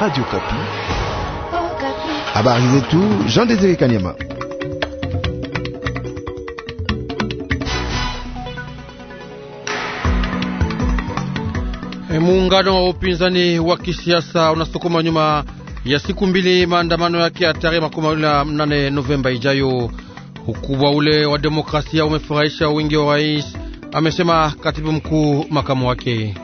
Radio Kapi. Habari oh, zetu Jean Desire Kanyama. Eh, muungano wa upinzani wa kisiasa unasukuma nyuma ya siku mbili maandamano yake ya tarehe makumi mawili na nane Novemba ijayo. Ukubwa ule wa demokrasia umefurahisha wingi wa rais, amesema katibu mkuu makamu wake.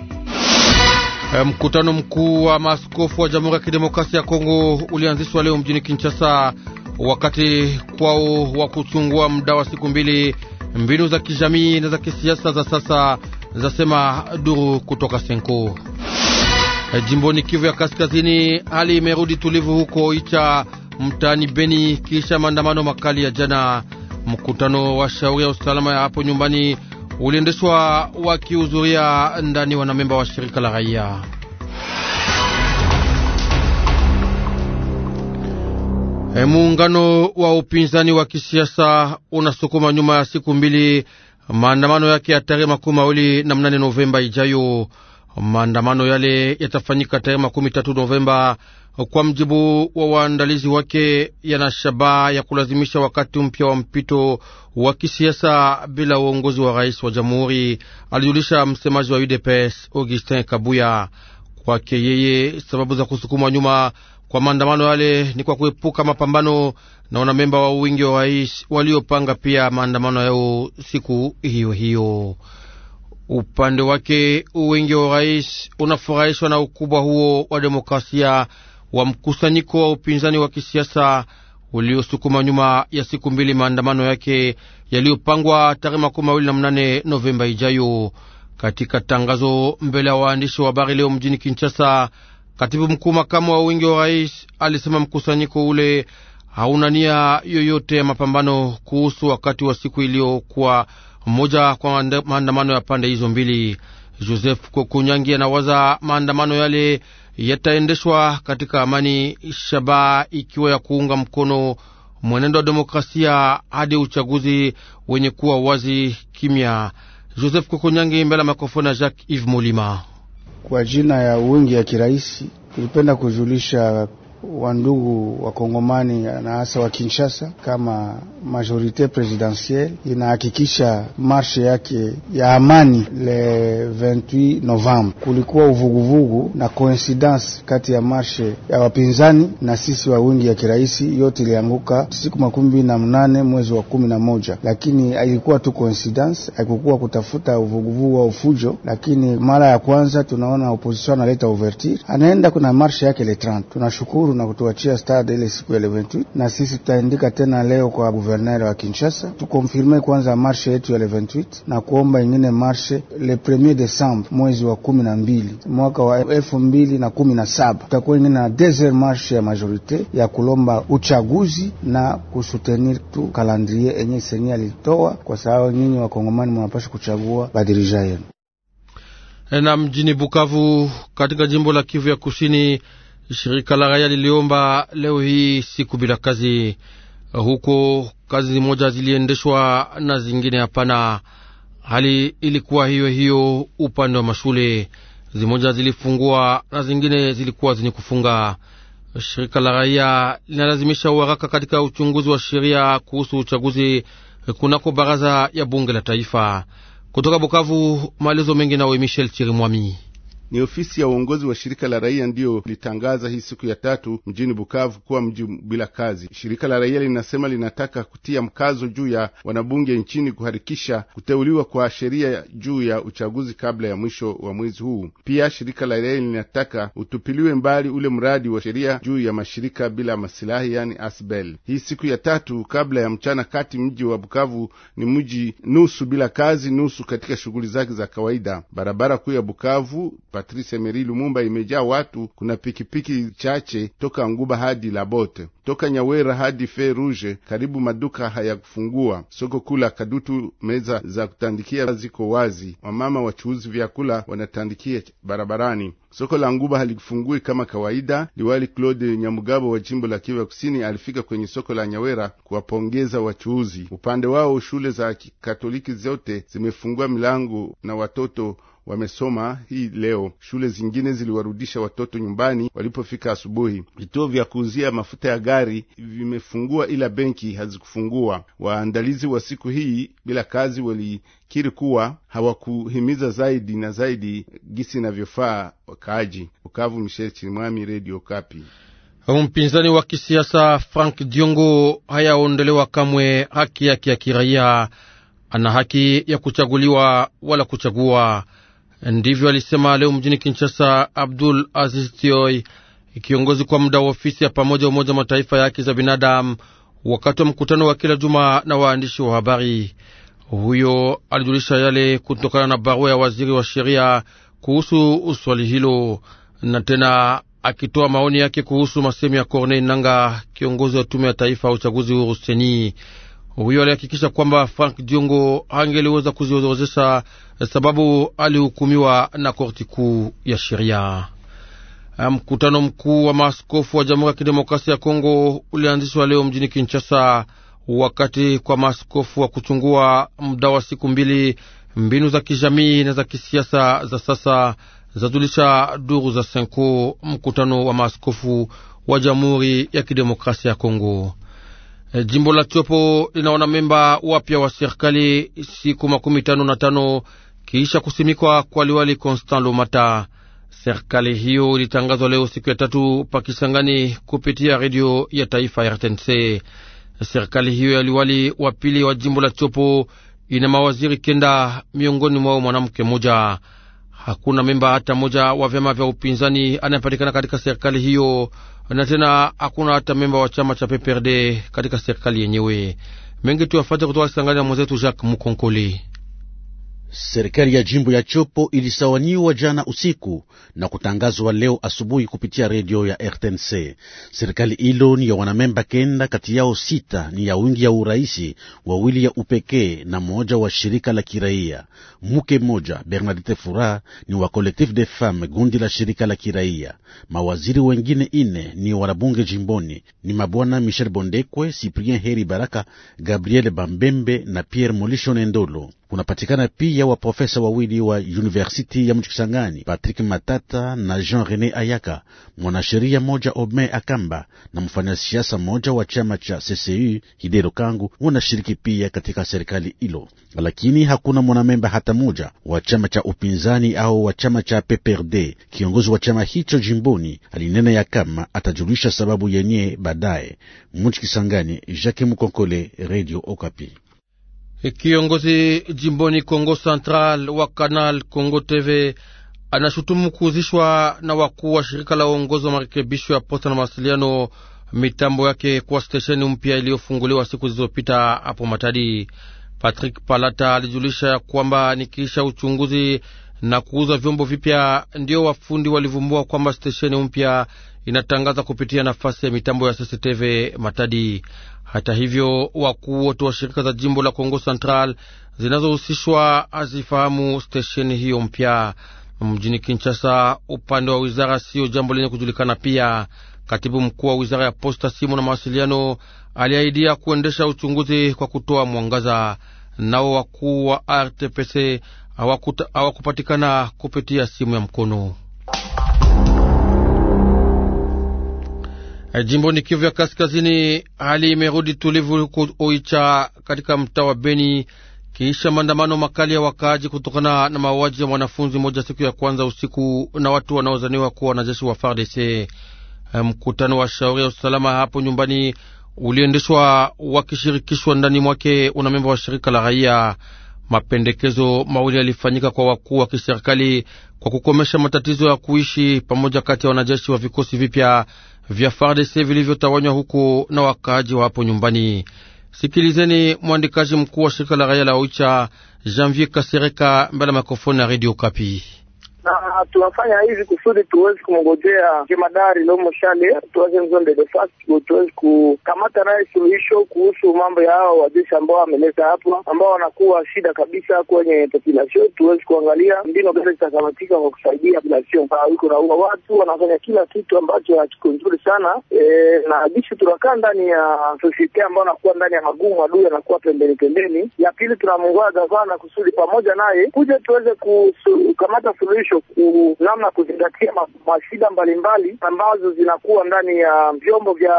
Eh, mkutano mkuu wa maaskofu wa Jamhuri ya Kidemokrasia ya Kongo ulianzishwa leo mjini Kinshasa, wakati kwao wa kuchungua muda wa siku mbili mbinu za kijamii na za kisiasa za sasa, zasema duru kutoka Senko. Eh, jimboni Kivu ya Kaskazini, hali imerudi tulivu huko Icha mtaani Beni kisha maandamano makali ya jana. Mkutano wa shauri ya usalama ya hapo nyumbani uliendeshwa wakihudhuria ndani wanamemba wa shirika la raia. E, muungano wa upinzani wa kisiasa unasukuma nyuma ya siku mbili maandamano yake ya tarehe makumi mawili na mnane Novemba ijayo. Maandamano yale yatafanyika tarehe makumi tatu Novemba kwa mjibu wa waandalizi wake, yana shabaha ya kulazimisha wakati mpya wa mpito wa kisiasa bila uongozi wa rais wa jamhuri, alijulisha msemaji wa UDPS Augustin Kabuya. Kwake yeye, sababu za kusukumwa nyuma kwa maandamano yale ni kwa kuepuka mapambano na wanamemba wa wingi wa rais waliopanga pia maandamano yao siku hiyo hiyo. Upande wake wingi wa rais unafurahishwa na ukubwa huo wa demokrasia wa mkusanyiko wa upinzani wa kisiasa uliosukuma nyuma ya siku mbili maandamano yake yaliyopangwa tarehe makumi mawili na mnane Novemba ijayo. Katika tangazo mbele ya waandishi wa habari leo mjini Kinshasa, katibu mkuu makamu wa wingi wa rais alisema mkusanyiko ule hauna nia yoyote ya mapambano kuhusu wakati wa siku iliyokuwa moja kwa maandamano ya pande hizo mbili. Joseph Kokunyangi anawaza maandamano yale yataendeshwa katika amani, shabaha ikiwa ya kuunga mkono mwenendo wa demokrasia hadi uchaguzi wenye kuwa wazi, kimya. Joseph Kokonyangi mbele ya makofoni ya Jacques Yves Mulima. Kwa jina ya wingi ya kiraisi tulipenda kujulisha wa ndugu wa Kongomani na hasa wa Kinshasa, kama majorite presidentielle inahakikisha marshe yake ya amani le 28 Novembre. Kulikuwa uvuguvugu na coincidence kati ya marshe ya wapinzani na sisi wa wingi ya kiraisi, yote ilianguka siku makumi na mnane mwezi wa kumi na moja, lakini ilikuwa tu coincidence, haikukuwa kutafuta uvuguvugu au fujo. Lakini mara ya kwanza tunaona opposition analeta overture, anaenda kuna marshe yake le 30. Tunashukuru na kutuachia stade ile siku ya 28, na sisi tutaandika tena leo kwa guverner wa Kinshasa tukonfirme kwanza marshe yetu ya 28 na kuomba ingine marshe le 1 1er decembre mwezi wa kumi na mbili mwaka wa elfu mbili na kumi na saba tutakuwa ingine na desert marshe ya majorite ya kulomba uchaguzi na kusutenir tu kalandrie enye seni alitoa, kwa sababu nyinyi wakongomani mnapasha kuchagua badirija yenu. Na mjini Bukavu katika jimbo la Kivu ya Kusini Shirika la raia liliomba leo hii siku bila kazi huko, kazi moja ziliendeshwa na zingine hapana. Hali ilikuwa hiyo hiyo upande wa mashule, zimoja zilifungua na zingine zilikuwa zenye kufunga. Shirika la raia linalazimisha uharaka katika uchunguzi wa sheria kuhusu uchaguzi kunako baraza ya bunge la taifa. Kutoka Bukavu, maelezo mengi nawe Michel Chirimwami. Ni ofisi ya uongozi wa shirika la raia ndiyo litangaza hii siku ya tatu mjini Bukavu kuwa mji bila kazi. Shirika la raia linasema linataka kutia mkazo juu ya wanabunge nchini kuharikisha kuteuliwa kwa sheria juu ya uchaguzi kabla ya mwisho wa mwezi huu. Pia shirika la raia linataka utupiliwe mbali ule mradi wa sheria juu ya mashirika bila masilahi, yani asbel. Hii siku ya tatu kabla ya mchana kati, mji wa Bukavu ni mji nusu bila kazi, nusu katika shughuli zake za kawaida. Barabara kuu ya Bukavu Patrice Emery Lumumba imejaa watu. Kuna pikipiki chache toka Nguba hadi Labote, toka Nyawera hadi Fe Rouge, karibu maduka hayakufungua. Soko kula Kadutu, meza za kutandikia ziko wazi, wamama wachuuzi vyakula wanatandikia barabarani. Soko la Nguba halikufungui kama kawaida. Liwali Claude Nyamugabo wa jimbo la Kivu Kusini alifika kwenye soko la Nyawera kuwapongeza wachuuzi. Upande wao, shule za Kikatoliki zote zimefungua milango na watoto wamesoma hii leo. Shule zingine ziliwarudisha watoto nyumbani walipofika asubuhi. Vituo vya kuuzia mafuta ya gari vimefungua, ila benki hazikufungua. Waandalizi wa siku hii bila kazi walikiri kuwa hawakuhimiza zaidi na zaidi gisi inavyofaa wakaaji. Bukavu, Michel Chirimwami, Redio Kapi. Mpinzani wa kisiasa Frank Diongo hayaondelewa kamwe haki yake ya kiraia. Ana haki ya kuchaguliwa wala kuchagua. Ndivyo alisema leo mjini Kinshasa Abdul Aziz Tioi, kiongozi kwa muda wa ofisi ya pamoja Umoja wa Mataifa ya haki za binadamu, wakati wa mkutano wa kila juma na waandishi wa habari. Huyo alijulisha yale kutokana na barua ya waziri wa sheria kuhusu swali hilo, na tena akitoa maoni yake kuhusu masemi ya Corneille Nanga, kiongozi wa tume ya taifa ya uchaguzi huru Seni. Huyo alihakikisha kwamba Frank Diongo hangeliweza kuziozozesha sababu alihukumiwa na korti kuu ya sheria. Mkutano mkuu wa maaskofu wa Jamhuri ya Kidemokrasia ya Kongo ulianzishwa leo mjini Kinshasa, wakati kwa maaskofu wa kuchungua muda wa siku mbili mbinu za kijamii na za kisiasa za sasa, zazulisha duru za Senko, mkutano wa maaskofu wa Jamhuri ya Kidemokrasia ya Kongo. Eh, jimbo la Chopo linaona memba wapya wa serikali siku makumi tano na tano kisha kusimikwa kwa liwali Constant Lomata. Serikali hiyo ilitangazwa leo siku ya tatu pa Kisangani kupitia redio ya taifa RTNC. Serikali hiyo ya liwali wa pili wa jimbo la Chopo ina mawaziri kenda, miongoni mwao mwanamke mmoja. Hakuna memba hata mmoja wa vyama vya upinzani anayepatikana katika serikali hiyo, na tena hakuna hata memba wa chama cha PPRD katika serikali yenyewe. Mengi tuyafate kutoka Kisangani na mwenzetu Jacques Mukonkoli. Serikali ya jimbo ya Chopo ilisawaniwa jana usiku na kutangazwa leo asubuhi kupitia redio ya RTNC. Serikali hilo ni ya wanamemba kenda, kati yao sita ni ya wingi ya uraisi, wawili ya upekee na mmoja wa shirika la kiraia. Mke mmoja Bernadette Fura ni wa Collectif de femme gundi la shirika la kiraia. Mawaziri wengine ine ni wanabunge jimboni, ni mabwana Michel Bondekwe, Cyprien Heri Baraka, Gabriel Bambembe na Pierre Molisho Nendolo kunapatikana pia waprofesa wawili wa universiti ya Mchikisangani, Patrick Matata na Jean Rene Ayaka, mwanasheria moja Ome Akamba na mfanyasiasa moja wa chama cha CCU Hidero Kangu wanashiriki pia katika serikali hilo, lakini hakuna mwanamemba hata moja wa chama cha upinzani au wa chama cha PPRD. Kiongozi wa chama hicho jimboni alinena ya kama atajulisha sababu yenye baadaye. Mchikisangani, Jacques Mkonkole, Radio Okapi. E kiongozi jimboni Kongo Central wa Canal Kongo TV anashutumu kuuzishwa na wakuu wa shirika la uongozi wa marekebisho ya posta na mawasiliano mitambo yake kwa stesheni mpya iliyofunguliwa siku zilizopita hapo Matadi. Patrick Palata alijulisha kwamba nikiisha uchunguzi na kuuza vyombo vipya. Ndio wafundi walivumbua kwamba stesheni mpya inatangaza kupitia nafasi ya mitambo ya CCTV Matadi. Hata hivyo, wakuu wote wa shirika za jimbo la Kongo Central zinazohusishwa hazifahamu stesheni hiyo mpya mjini Kinshasa. Upande wa wizara siyo jambo lenye kujulikana pia. Katibu mkuu wa wizara ya posta, simu na mawasiliano aliahidia kuendesha uchunguzi kwa kutoa mwangaza. Nao wakuu wa RTPC hawakupatikana kupitia simu ya mkono. E, Jimboni Kivu ya Kaskazini, hali imerudi tulivu huko Oicha katika mtaa wa Beni kiisha maandamano makali ya wakaaji kutokana na mauaji ya mwanafunzi moja siku ya kwanza usiku na watu wanaozaniwa kuwa wanajeshi wa FARDC. E, mkutano wa shauri ya usalama hapo nyumbani uliendeshwa wakishirikishwa ndani mwake una memba wa shirika la raia. Mapendekezo mawili yalifanyika kwa wakuu wa kiserikali kwa kukomesha matatizo ya kuishi pamoja kati ya wanajeshi wa vikosi vipya vya FARDC vilivyotawanywa huko na wakaaji wa hapo nyumbani. Sikilizeni mwandikaji mkuu wa shirika la raia la Oicha, Janvier Kasereka, mbele ya mikrofoni ya Radio Kapi na tunafanya hivi kusudi tuweze kumngojea jemadari Lomo Shale tuweze mzonde de facto, tuweze kukamata naye suluhisho kuhusu mambo ya hao wajeshi ambao wameleta hapa, ambao wanakuwa shida kabisa kwenye population. Tuweze kuangalia mbinu gani zitakamatika kwa kusaidia population. na huwa watu, wanafanya kila kitu ambacho hakiko nzuri sana e, na jisi tunakaa ndani ya sosiete ambao anakuwa ndani ya magumu, adui anakuwa pembeni pembeni. Ya pili tunamngoa gavana kusudi pamoja naye kuja tuweze kukamata suluhisho mwisho ku namna kuzingatia mashida mbalimbali ambazo zinakuwa ndani ya vyombo vya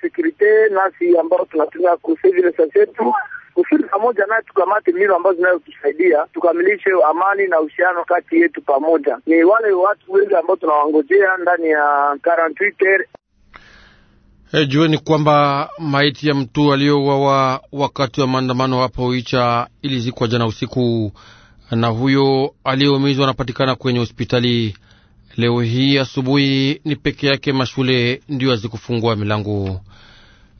sekurite, nasi ambao tunatumia kusevilesa zetu kusudi pamoja naye tukamate milo ambazo zinazotusaidia tukamilishe amani na uhusiano kati yetu pamoja. Ni wale watu wengi ambao tunawangojea ndani ya karantwiter. Hey, eh, jueni kwamba maiti ya mtu aliyouawa wakati wa maandamano hapo Icha ilizikwa jana usiku na huyo aliyeumizwa anapatikana kwenye hospitali. Leo hii asubuhi ni peke yake mashule ndiyo hazikufungua milango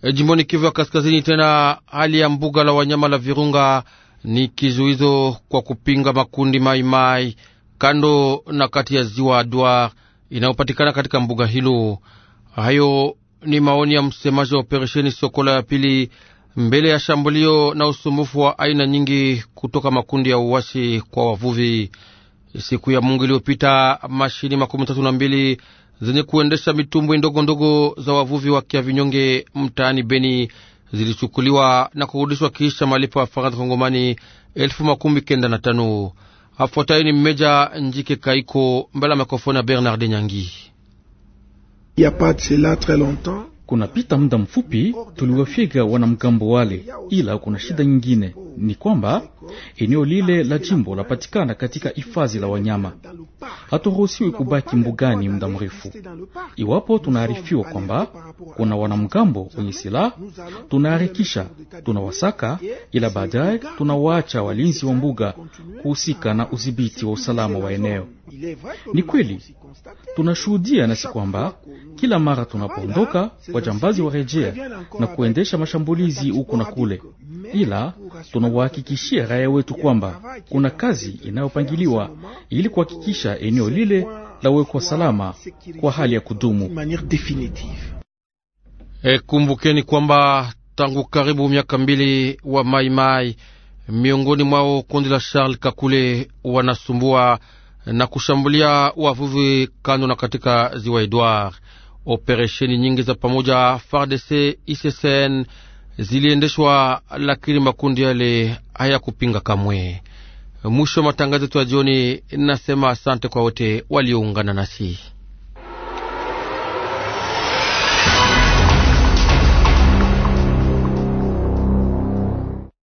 e, jimboni Kivu ya Kaskazini. Tena hali ya mbuga la wanyama la Virunga ni kizuizo kwa kupinga makundi maimai mai, kando na kati ya ziwa Adwar inayopatikana katika mbuga hilo. Hayo ni maoni ya msemaji wa operesheni Sokola ya pili mbele ya shambulio na usumbufu wa aina nyingi kutoka makundi ya uwasi kwa wavuvi. Siku ya Mungu iliyopita mashini makumi tatu na mbili zenye kuendesha mitumbwi ndogo ndogo za wavuvi wa Kiavinyonge mtaani Beni zilichukuliwa na kurudishwa kiisha malipo ya faranga kongomani elfu makumi kenda na tano. Afuatayo ni mmeja Njike Kaiko mbele ya mikrofoni ya Bernard Nyangi. Kunapita muda mfupi, tuliwafyega wanamgambo wale, ila kuna shida nyingine, ni kwamba eneo lile la jimbo lapatikana katika hifadhi la wanyama haturuhusiwi kubaki mbugani muda mrefu. Iwapo tunaarifiwa kwamba kuna wanamgambo wenye silaha, tunaharakisha, tunawasaka, ila baadaye tunawaacha walinzi wa mbuga kuhusika na udhibiti wa usalama wa eneo. Ni kweli tunashuhudia nasi kwamba kila mara tunapoondoka, wajambazi warejea na kuendesha mashambulizi huku na kule ila tunawahakikishia raia wetu kwamba kuna kazi inayopangiliwa ili kuhakikisha eneo lile lawekwa salama kwa hali ya kudumu. E, kumbukeni kwamba tangu karibu miaka mbili wa maimai miongoni mwao kundi la Charles Kakule wanasumbua na kushambulia wavuvi kando na katika ziwa Edward. Operesheni nyingi za pamoja FARDC, ICCN ziliendeshwa, lakini makundi yale hayakupinga kamwe. Mwisho wa matangazo yetu ya jioni, nasema asante kwa wote walioungana nasi.